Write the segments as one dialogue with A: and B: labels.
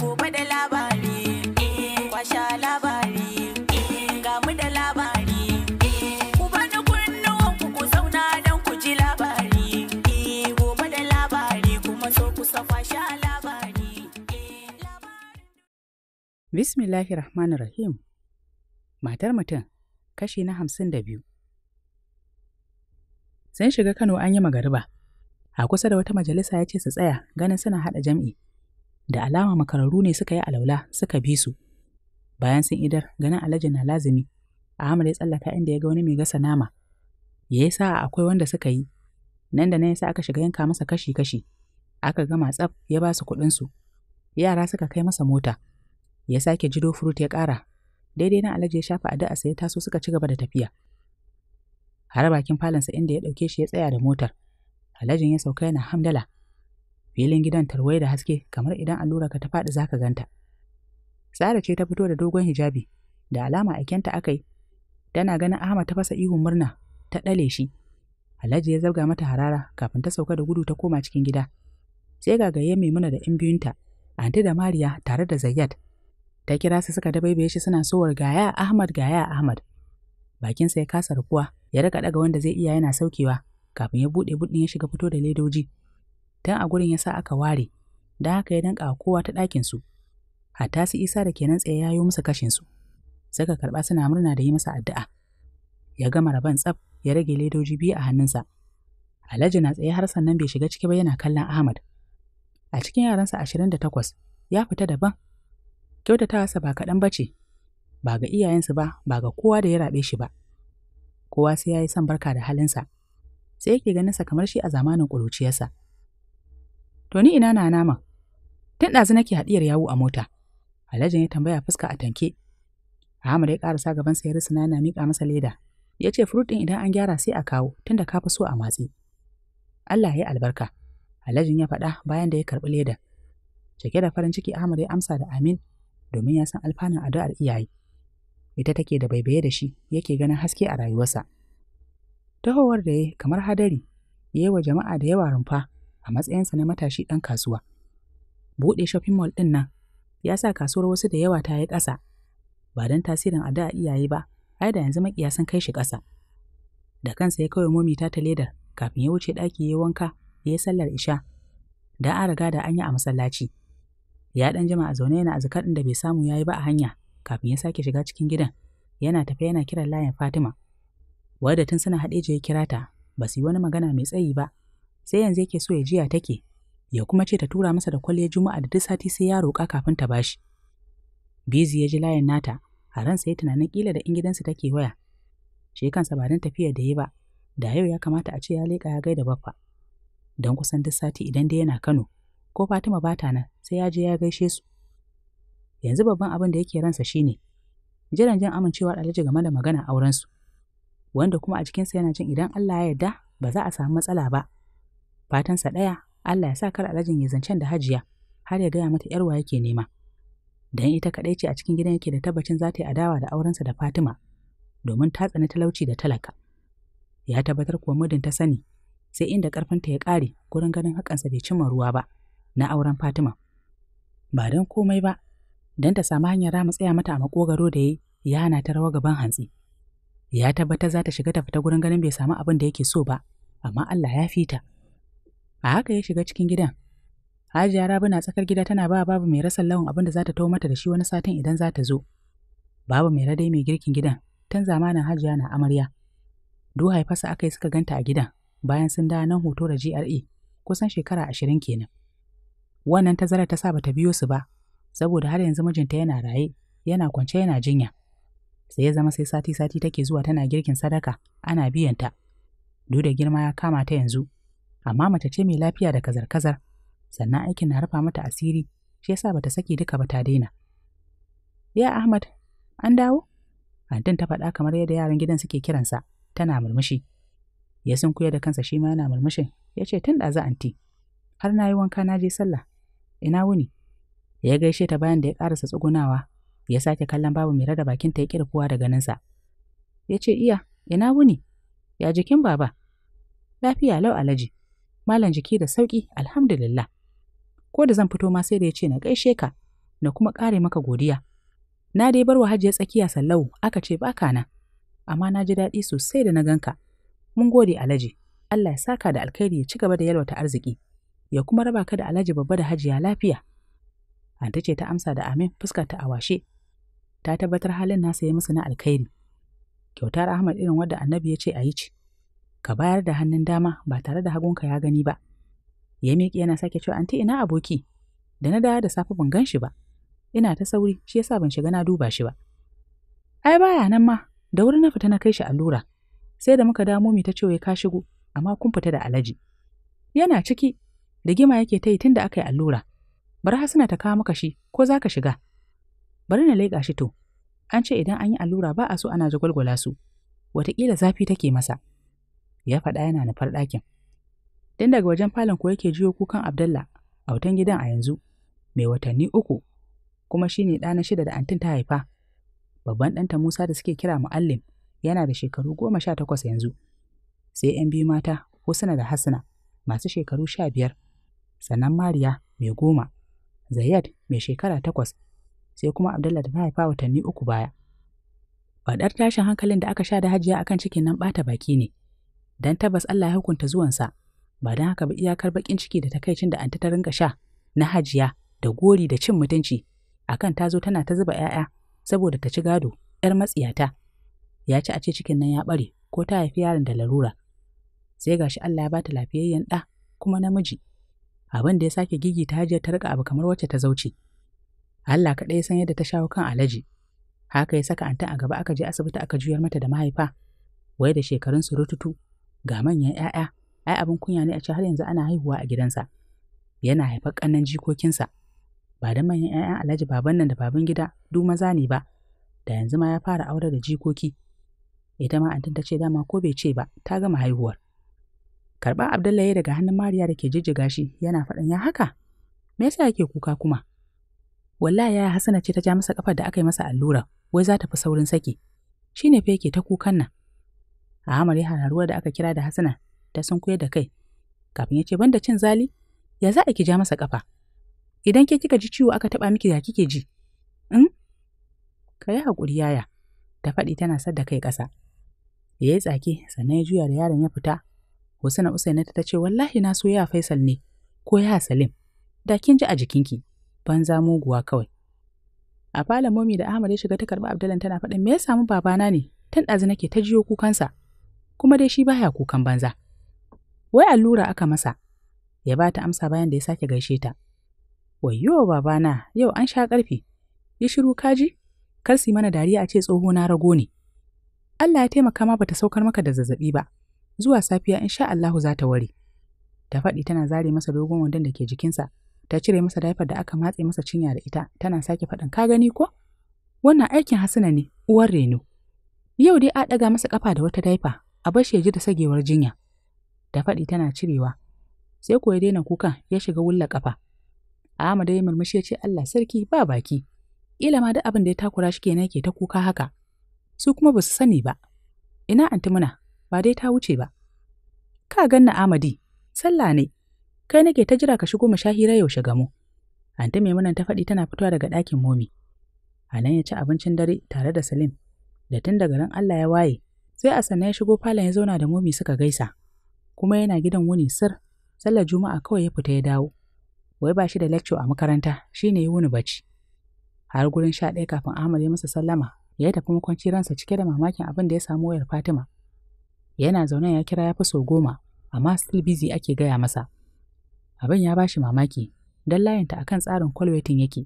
A: gobe da labari eh, kwasha labari eh, ga mu da labari eh, ku bani kunnuwan ku ku zauna don ku ji labari gobe da labari kuma so ku kwasha labari bismillahir rahmanir rahim matar mutum kashi na hamsin da biyu sun shiga kano an yi magariba a kusa da wata majalisa ya ce su tsaya ganin suna haɗa jam'i da alama makararru ne suka yi alaula suka bi su bayan sun idar ganin alhaji na lazimi ahmad ya tsallaka inda ya ga wani mai gasa nama ya yi sa'a akwai wanda suka yi nan da nan sa aka shiga yanka masa kashi-kashi aka gama tsaf ya ba su kuɗinsu yara suka kai masa mota ya sake jido furut ya ƙara daidai na alhaji ya shafa addu'a sai ya taso suka ci gaba da tafiya har bakin falansa inda ya ɗauke shi ya tsaya da motar alhajin ya sauka yana hamdala filin gidan tarwaye da haske kamar idan allura ka ta faɗi zaka ganta Sara ce ta fito da dogon hijabi da alama aikenta aka yi tana ganin Ahmad ta fasa ihun murna ta ɗale shi Alhaji ya zabga mata harara kafin ta sauka da gudu ta koma cikin gida sai gagaye Maimuna da 'yan biyunta Anti da Mariya tare da Zayyad ta kira su suka dabaibaye shi suna sowar gaya Ahmad gaya Ahmad bakinsa ya kasa rufuwa ya rika ɗaga wanda zai iya yana saukewa kafin ya buɗe buɗin ya shiga fito da ledoji Tan a gurin ya sa aka ware don haka ya danƙa kowa ta ɗakinsu hatta su isa da kenan tsaye yayo musu kashinsu suka karɓa suna murna da yi masa addu'a ya gama rabon tsaf ya rage ledoji biyu a hannunsa alhaji na tsaye har sannan bai shiga ciki ba yana kallon ahmad a cikin yaransa ashirin da takwas ya fita daban kyautatawarsa ba kaɗan ba ce ba ga iyayensu ba ba ga kowa da ya raɓe shi ba kowa sai ya yi son barka da halinsa sai yake sa kamar shi a zamanin ƙuruciyarsa To ni ina na naman? Tun ɗazu nake haɗiyar yawo a mota. Alhajin ya tambaya fuska a tanke. Ahmad ya ƙarasa gaban sa ya risina yana miƙa masa leda. Ya ce furut ɗin idan an gyara sai a kawo tunda ka fi so a matsi. Allah ya yi albarka. Alhajin ya faɗa bayan da ya karɓi leda. Cike da farin ciki Ahmad ya amsa da amin domin ya san alfanun addu'ar iyaye. Ita take da baibaye da shi yake ganin haske a rayuwarsa. Tahowar da ya kamar hadari ya yi wa jama'a da yawa rumfa a matsayinsa na matashi ɗan kasuwa. Buɗe shopping mall ɗin nan ya sa kasuwar wasu da yawa ta yi ƙasa, ba don tasirin a da iyaye ba, ai da yanzu makiyasan sun kai shi ƙasa. Da kansa ya kawai momi ta ta ledar kafin ya wuce ɗaki ya wanka ya yi sallar isha. Da an riga da an yi a masallaci. Ya ɗan jima a zaune yana azkar ɗin da bai samu ya yi ba a hanya kafin ya sake shiga cikin gidan. Yana tafe yana kiran layin Fatima. Wadda tun suna haɗeje ya kira ta, ba su yi wani magana mai tsayi ba, sai yanzu yake so ya jiya take ya kuma ce ta tura masa da kwalliya juma'a da duk sati sai ya roƙa kafin ta bashi bizi ya ji layin nata a ransa ya tunanin kila da in gidansa take waya shi kansa ba don tafiya da ya ba da yau ya kamata a ce ya leka ya gai da baffa don kusan duk sati idan dai yana kano ko fatima ba ta nan sai ya je ya gaishe su yanzu babban abin da yake ransa shine jiran jin amincewar alhaji game da magana aurensu wanda kuma a cikinsa yana jin idan allah ya yarda ba za a samu matsala ba fatansa ɗaya Allah ya sa kar alhajin ya zancen da hajiya har ya gaya mata yarwa yake nema dan ita kaɗai ce a cikin gidan yake da tabbacin za ta yi adawa da aurensa da Fatima domin ta tsani talauci da talaka ya tabbatar kuwa mudin ta sani sai inda ƙarfinta ya ƙare gurin ganin haƙansa bai cimma ruwa ba na auren Fatima ba dan komai ba dan ta samu hanyar rama tsaya mata a makogaro da ya hana ta rawa gaban hantsi ya tabbatar za ta shiga ta fita gurin ganin bai samu abin da yake so ba amma Allah ya fita. A haka ya shiga cikin gidan. Hajiya Rabi na tsakar gida tana ba babu mai rasa lawan abin da za ta mata da shi wani satin idan za ta zo. Babu mai radai mai girkin gidan, tun zamanin Hajiya na amarya. Du haifarsa aka yi suka ganta a gidan, bayan sun dawo nan hoto da GRE, kusan shekara ashirin kenan. Wannan tazara ta sa ba ta biyo su ba, saboda har yanzu mijinta yana raye, yana kwance yana jinya. Sai ya zama sai sati-sati take zuwa tana girkin sadaka, ana biyanta. Duk da girma ya kama ta yanzu, amma mace ce mai lafiya da kazar-kazar sannan aikin na rufa mata asiri shi yasa bata saki duka ba ta daina ya ahmad an dawo antin ta faɗa kamar yadda yaran gidan suke kiransa tana murmushi ya sunkuya da kansa shi ma yana murmushin ya ce tun ɗazu anti har na yi wanka na je sallah ina wuni ya gaishe ta bayan da ya ƙarasa tsugunawa ya sake kallon babu mai rada bakin ta ya kirkuwa da ganinsa ya ce iya ina wuni ya jikin baba lafiya lau alaji Malam jiki da sauƙi, alhamdulillah. Ko da zan fito ma sai da ya ce na gaishe ka, na kuma kare maka godiya. Na dai bar wa hajiya tsakiya sallau, aka ce baka na. Amma na ji daɗi sosai da na ganka. Mun gode alhaji. Allah ya saka da alkhairi ya ci gaba da yalwata arziki, ya kuma raba ka da alhaji babba da hajiya lafiya. Anta ce ta amsa da amin fuskar ta awashe. Ta tabbatar halin nasa ya musu na alkhairi. Kyautar Ahmad irin wadda annabi ya ce a yi ce. ka bayar da hannun dama ba tare da hagunka ya gani ba ya miƙe yana sake cewa anti ina aboki da na dawo da safe ban gan shi ba ina ta sauri shi yasa ban shiga na duba shi ba ai baya nan ma da wuri na fita na kai shi allura sai da muka damu mi ta cewa ka shigo amma kun fita da alaji yana ciki Da gima yake ta yi tun da aka yi allura bari hasina ta kawo maka shi ko za ka shiga bari na leƙa shi to an ce idan an yi allura ba a so ana jagwalgwala su wataƙila zafi take masa ya faɗa yana nufar ɗakin. Tun daga wajen falon ko yake jiyo kukan Abdullah, a wutan gidan a yanzu, mai watanni uku, kuma shi ne ɗana shida da antin ta haifa. Babban ɗanta Musa da suke kira Mu'allim yana da shekaru goma sha takwas yanzu. Sai ‘yan biyu mata, Husna da Hassana, masu shekaru sha biyar, sannan Mariya mai goma, Zayyad mai shekara takwas, sai kuma Abdullah da ta haifa watanni uku baya. Faɗar tashin hankalin da aka sha da hajiya akan cikin nan ɓata baki ne. don tabbas Allah ya hukunta zuwansa, ba don haka ba iyakar baƙin ciki da ta takaicin da anta ta ringa sha na hajiya da gori da cin mutunci akan ta zo tana ta zuba 'ya'ya saboda ta ci gado 'yar matsiyata. Ya ci a ce cikin nan ya ɓare ko ta haifi yaron da larura. Sai gashi Allah ya bata lafiyayyen ɗa kuma namiji. Abin da ya sake gigi ta hajiya ta rika abu kamar wacce ta zauce. Allah kaɗai ya san yadda ta shawo kan alaji. Haka ya saka antan a gaba aka je asibiti aka juyar mata da mahaifa, wai da shekarun surututu ga manyan 'ya'ya ai abin kunya ne a ce har yanzu ana haihuwa a gidansa yana haifar ƙannan jikokinsa ba da manyan 'ya'yan alhaji baban nan da baban gida duk maza ne ba da yanzu ma ya fara aure da jikoki ita ma antin ta ce dama ko bai ce ba ta gama haihuwar karɓar abdullahi daga hannun mariya da ke jijjiga shi yana faɗin ya haka me yasa yake kuka kuma wallahi ya hasana ce ta ja masa kafar da aka yi masa allura wai za ta fi saurin saki Shi ne fa yake ta kukan nan Ahmad ya hararuwa da aka kira da Hassana sun sunkuyar da kai. Kafin ya ce banda cin zali, ya za a ki ja masa kafa. Idan ke kika ji ciwo aka taba miki ya kike ji? In? Mm? Ka yi haƙuri yaya, ta faɗi tana da kai ƙasa. Ya yi tsaki sannan ya juya da yaron ya fita. Husna Usaina ta ce wallahi na so ya Faisal ne ko ya Salim. Da kin ji a jikinki, banza muguwa kawai. A falon momi da Ahmad ya shiga ta karɓi Abdullahi tana faɗin me ya samu babana ne? Tun ɗazu nake ta jiyo kukansa. kuma dai shi baya kukan banza. Wai allura aka masa, ya ba ta amsa bayan da ya sake gaishe ta. Wayyo babana, yau an sha ƙarfi, ya shiru kaji, kar su mana dariya a ce tsoho na rago ne. Allah ya taimaka ma bata saukar maka da zazzaɓi ba, zuwa safiya in sha Allahu za ta ware. Ta faɗi tana zare masa dogon wandon da ke jikinsa, ta cire masa daifar da aka matse masa cinya da ita, tana sake faɗin ka gani ko? Wannan aikin Hassana ne, uwar reno. Yau dai a ɗaga masa ƙafa da wata daifa, a bar shi ya ji da sagewar jinya da faɗi tana cirewa sai ko ya daina kuka ya shiga wulla kafa Ahmad ya murmushi ya ce Allah sarki ba baki ila ma da abin da ya takura shi kenan yake ta kuka haka su kuma ba su sani ba ina antimuna ba dai ta wuce ba ka ganna Amadi sallah ne kai nake ta jira ka shigo mu sha hira yaushe gamo anti Maimunan ta faɗi tana fitowa daga ɗakin momi a ya ci abincin dare tare da Salim da tun daga ran Allah ya waye sai a sannan ya shigo falon ya zauna da momi suka gaisa kuma yana gidan wuni sir sallar juma'a kawai ya fita ya dawo wai ba shi da lecture a makaranta shine yi wuni bacci har gurin sha ɗaya kafin Ahmad ya masa sallama ya tafi makwanci ransa cike da mamakin abin da ya samu wayar Fatima yana zaune ya kira ya fi so goma amma still busy ake gaya masa abin ya bashi mamaki don layinta akan tsarin kwalwetin yake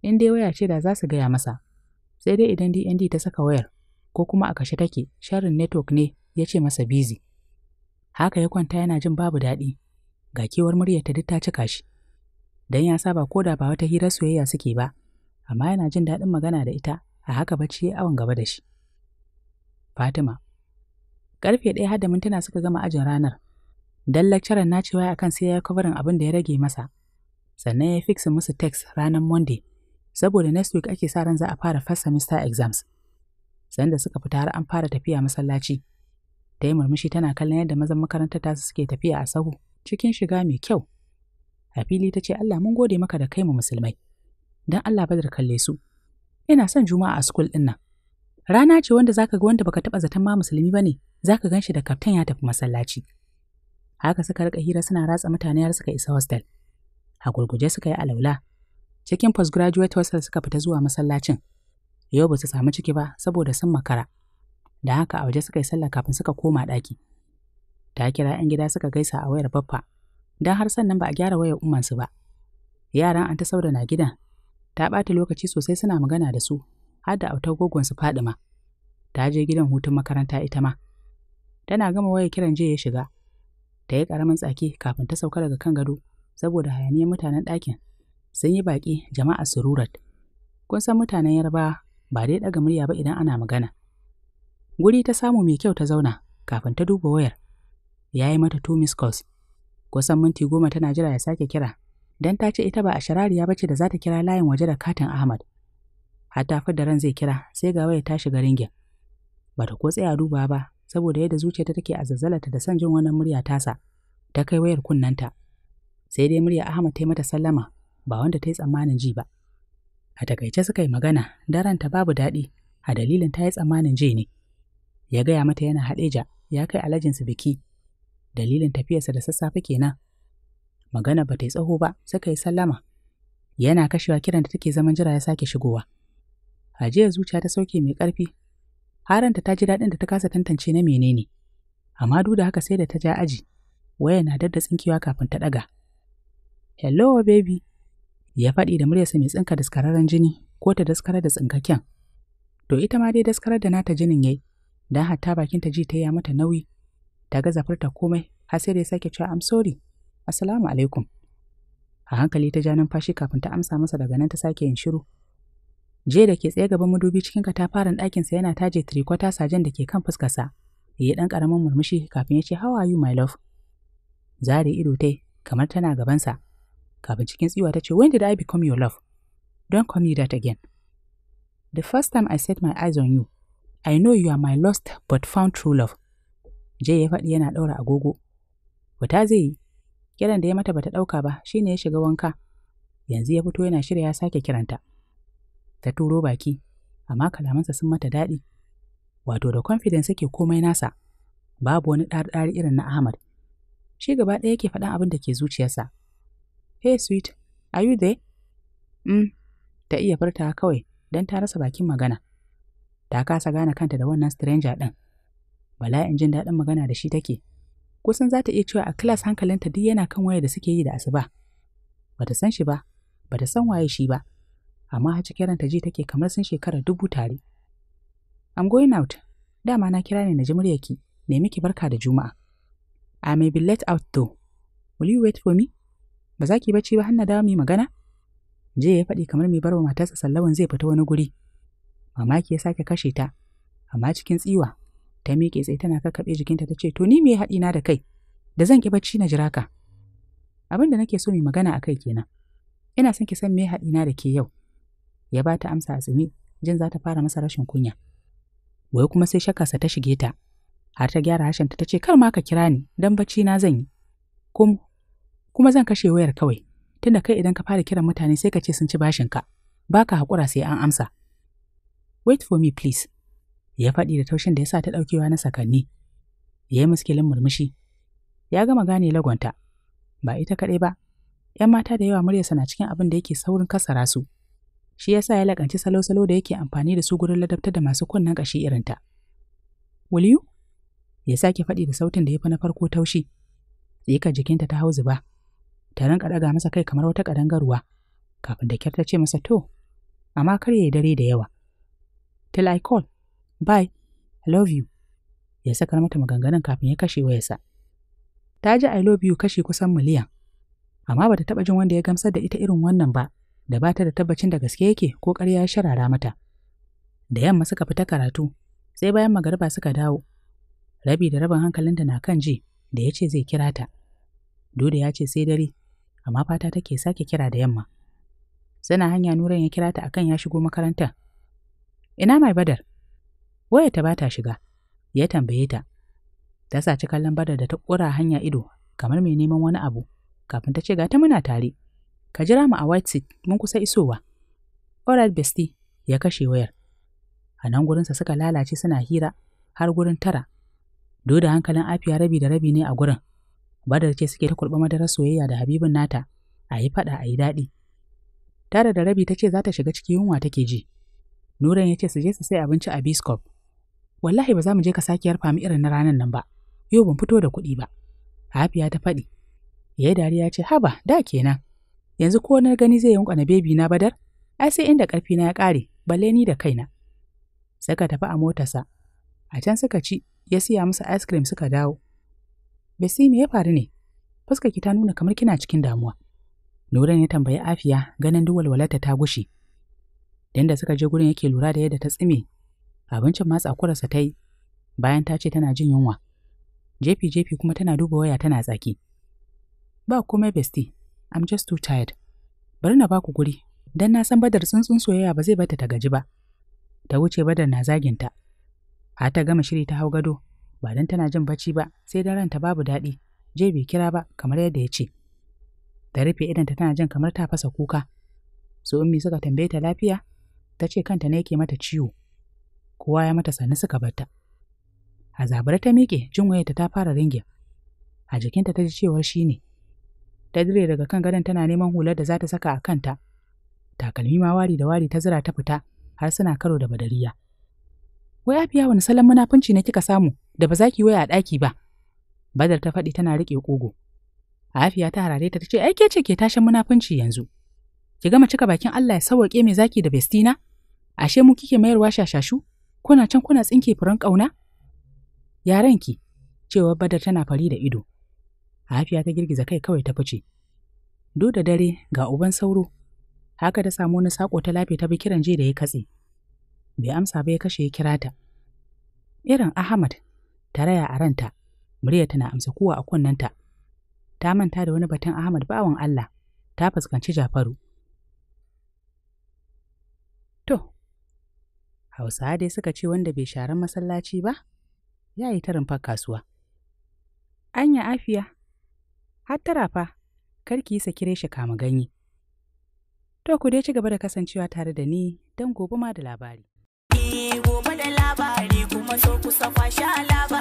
A: in dai waya ce da za su gaya masa sai dai idan DND ta saka wayar ko kuma a kashe take sharin network ne ya ce masa Bizi. haka ya kwanta yana jin babu daɗi ga kewar muryarta duk ta cika shi dan ya saba ko da ba wata hirar soyayya suke ba amma yana jin daɗin magana da ita a haka bacci ya awon gaba da shi Fatima karfe ɗaya har da mintuna suka gama ajin ranar dan lecturer na cewa akan sai ya kabarin abin da ya rage masa sannan ya fix musu text ranar Monday saboda next week ake sa ran za a fara first semester exams Sanda da suka fita har an fara tafiya masallaci. Ta yi murmushi tana kallon yadda mazan makarantar tasu suke tafiya a sahu cikin shiga mai kyau. A fili ta ce Allah mun gode maka da kai mu musulmai. Don Allah badar kalle su. Ina son juma'a a sukul ɗin nan. Rana ce wanda zaka ga wanda baka taɓa zaton ma musulmi ba ne, zaka gan shi da kaftan ya tafi masallaci. Haka suka rika hira suna ratsa mutane har suka isa hostel. A gurguje suka yi alaula. Cikin postgraduate hostel suka fita zuwa masallacin. yau ba su samu ciki ba saboda sun makara da haka a waje suka yi sallah kafin suka koma ɗaki ta kira 'yan gida suka gaisa a wayar baffa don har sannan ba a gyara wayar ummansu ba yaran an ta sauda na gidan ta ɓata lokaci sosai suna magana da su har da autar gogonsu ma. Ta je gidan hutun makaranta ita ma. Tana gama waya kiran je ya shiga. Ta yi ƙaramin tsaki kafin ta sauka daga kan gado saboda hayaniyar mutanen ɗakin. Sun yi baƙi jama'a sururat. Kun san mutanen Yarbawa ba dai daga murya ba idan ana magana. Guri ta samu mai kyau ta zauna kafin ta duba wayar. Ya yi mata two miss calls. Kusan minti goma tana jira ya sake kira, Dan ta ce ita ba a shirariya ba ce da za ta kira layin waje da katin Ahmad. Hatta da ran zai kira sai ga waya ta shiga ringin. Ba ta ko tsaya duba ba saboda yadda zuciyarta take a zazzalata da son jin wannan murya tasa. Ta kai wayar kunnanta. Sai dai murya Ahmad ta yi mata sallama ba wanda ta yi tsammanin ji ba. A takaice suka yi magana, ta babu daɗi, a dalilin ta yi tsammanin je ne. Ya gaya mata yana haɗeja, ya kai alajinsu biki. Dalilin tafiyarsa da sassafe kenan. Magana ba ta yi tsaho ba, suka yi sallama. Yana kashewa kiran da take zaman jira ya sake shigowa. Ajiyar zuciya ta sauke mai ƙarfi. Haranta ta ji daɗin da ta kasa tantance na menene. Amma duk da haka sai da ta ja aji, waya na dadda tsinkewa kafin ta ɗaga. Hello, baby. ya faɗi da muryarsa mai tsinka daskararren jini ko ta daskarar da tsinkakken. To ita ma dai daskarar da nata jinin yayi, dan hatta bakin ta ji ta ya mata nauyi, ta ga zafarta komai har sai da ya sake cewa I'm sorry, assalamu alaikum. A hankali ta ja numfashi kafin ta amsa masa daga nan ta sake yin shiru. Je da ke tsaye gaban madubi cikin katafaren sa yana taje tirikwata sajen da ke kan fuskarsa, ya yi ɗan ƙaramin murmushi kafin ya ce how are you my love. Zare ido tai kamar tana gabansa, kafin cikin tsiwa ta ce when did I become your love? Don't call me that again. The first time I set my eyes on you, I know you are my lost but found true love. Jay ya faɗi yana ɗaura agogo. Wata zai yi, kiran da ya mata bata ɗauka ba shi ne ya shiga wanka. Yanzu ya fito yana shirya ya sake kiranta. Ta turo baki, amma kalamansa sun mata daɗi. Wato da confidence yake komai nasa, babu wani ɗari-ɗari irin na Ahmad. Shi gaba ɗaya yake faɗan abin da ke zuciyarsa. Hey, sweet, are you there? Mm, ta iya furta kawai don ta rasa bakin magana. Ta kasa gane kanta da wannan stranger ɗin. in jin daɗin magana da shi take. Kusan za ta iya cewa a class hankalinta duk yana kan waya da suke yi da asuba. Bata san shi ba, bata san waye shi ba, amma har cikin ranta ji take kamar sun shekara dubu tare. I'm going out. Dama na kira ne na ji muryarki, ne miki barka da Juma'a. I may be let out though. Will you wait for me? ba za ki bacci ba har na dawo mai magana je ya faɗi kamar mai barwa matarsa sallawan zai fita wani guri mamaki ya sake kashe ta amma cikin tsiwa ta miƙe tsaye tana kakkaɓe jikinta ta ce to ni me ya haɗi na da kai da zan ki bacci na jira ka abin da nake so mai magana a kai kenan ina son ki san me haɗi na da ke yau ya ba ta amsa a tsimi jin za ta fara masa rashin kunya wai kuma sai shakarsa ta shige ta har ta gyara hashenta ta ce kar ma ka kira ni dan bacci na zan yi Kuma kuma zan kashe wayar kawai tunda kai idan ka fara kiran mutane sai ka ce sun ci bashinka ba ka haƙura sai an amsa wait for me please ya faɗi da taushin da ya sa ta ɗaukewa na sakanni ya yi muskilin murmushi ya gama gane lagonta ba ita kaɗai ba ‘yan mata da yawa muryarsa na cikin abin da yake saurin kasara su shi yasa ya lakanci salo-salo da yake amfani da su gurin ladabtar da masu kunnen ƙashi irinta. Will you? Ya sake faɗi da sautin da ya fi na farko taushi, tsika jikinta ta hau ba. ta rinka ɗaga masa kai kamar wata ƙadangarwa kafin da kyar ta ce masa to amma kar ya dare da yawa till I call bye I love you ya saka mata maganganun kafin ya kashe wayarsa ta ji I love you kashi kusan miliyan amma bata taɓa jin wanda ya gamsar da ita irin wannan ba da bata da tabbacin da gaske yake ko ƙarya ya sharara mata da yamma suka fita karatu sai bayan magariba suka dawo rabi da rabin hankalinta na kan ji da ya ce zai kira ta Doda ya ce sai dare amma fata take sake kira da yamma. sana hanya Nuran ya kira ta akan ya shigo makarantar. Ina mai badar? Waya ta bata shiga, ya tambaye ta. Ta saci kallon badar da ta ƙura hanya ido, kamar mai neman wani abu, kafin ta ce ga ta muna tare. Ka jira mu a White Seat mun kusa isowa. Alright bestie, ya kashe wayar. A nan gurinsa suka lalace suna hira har gurin tara. Do hankalin Afiya rabi da rabi ne a gurin, Badar ce suke ta kurɓa madarar soyayya da Habibin nata, a yi faɗa a yi daɗi. Tara da rabi ta ce za ta shiga cikin yunwa take ji. Nuran ya ce su je su sai abinci a Biscop. Wallahi ba za mu je ka sake yarfa mu irin na ranar nan ba, yau ban fito da kuɗi ba. Hafiya ta faɗi. Ya dariya ce haba da kenan. Yanzu ko na gani zai yankwa na bebi na badar? Ai sai inda ƙarfi na ya ƙare, balle ni da kaina. Suka tafi a motarsa. A can suka ci, ya siya musu ice cream suka dawo. Besi me ya faru ne? Fuskar ki ta nuna kamar kina cikin damuwa. Nuran ya tambayi Afiya ganin duk walwalarta ta gushi. Dan da suka je gurin yake lura da yadda ta tsime, abincin matsa kurarsa ta yi, bayan ta ce tana jin yunwa. Jefi-jefi kuma tana duba waya tana tsaki. Ba komai besti, I'm just too tired. Bari na baku guri, dan na san badar tsuntsun soyayya ba zai bata ta gaji ba. Ta wuce badar na zaginta. Har ta gama shiri ta hau gado, ba don tana jin bacci ba sai dan ranta babu daɗi je bai kira ba kamar yadda ya ce da rufe idanta tana jin kamar ta fasa kuka su ummi suka tambaye ta lafiya ta ce kanta ne yake mata ciwo kowa ya mata sannu suka batta a zabura ta miƙe jin wayarta ta fara ringe a jikinta ta ji cewar shi ne ta dire daga kan gadon tana neman hular da za ta saka a kanta takalmi ma wari da wari ta zira ta fita har suna karo da badariya wai afiya wani salon munafunci ne kika samu da ba za ki waya a ɗaki ba. Badar ta faɗi tana riƙe ƙugu. Afiya ta harare ta ce aike ce ke tashin munafunci yanzu. Ki gama cika bakin Allah ya sauwaƙe me zaki da bestina? Ashe mu kike mayarwa shashashu? Kuna can kuna tsinke furen ƙauna? ki, cewa Badar tana fari da ido. Afiya ta girgiza kai kawai ta fice. Do da dare ga uban sauro. Haka ta samu wani sako ta lafe ta bi kiran je da ya katse. Bai amsa ba ya kashe ya kira ta. Irin Ahmad ta raya a ranta murya tana amsa kuwa a kunnenta ta manta da wani batun ahmad bawan allah ta fuskanci jafaru to hausa dai suka ce wanda bai sharan masallaci ba ya yi tarin far kasuwa anya afiya har tara fa karki yi sakire shi kama ganye to ku dai ci gaba da kasancewa tare da ni don gobe ma da labari eh, gobe da labari kuma so kusa kwashe labari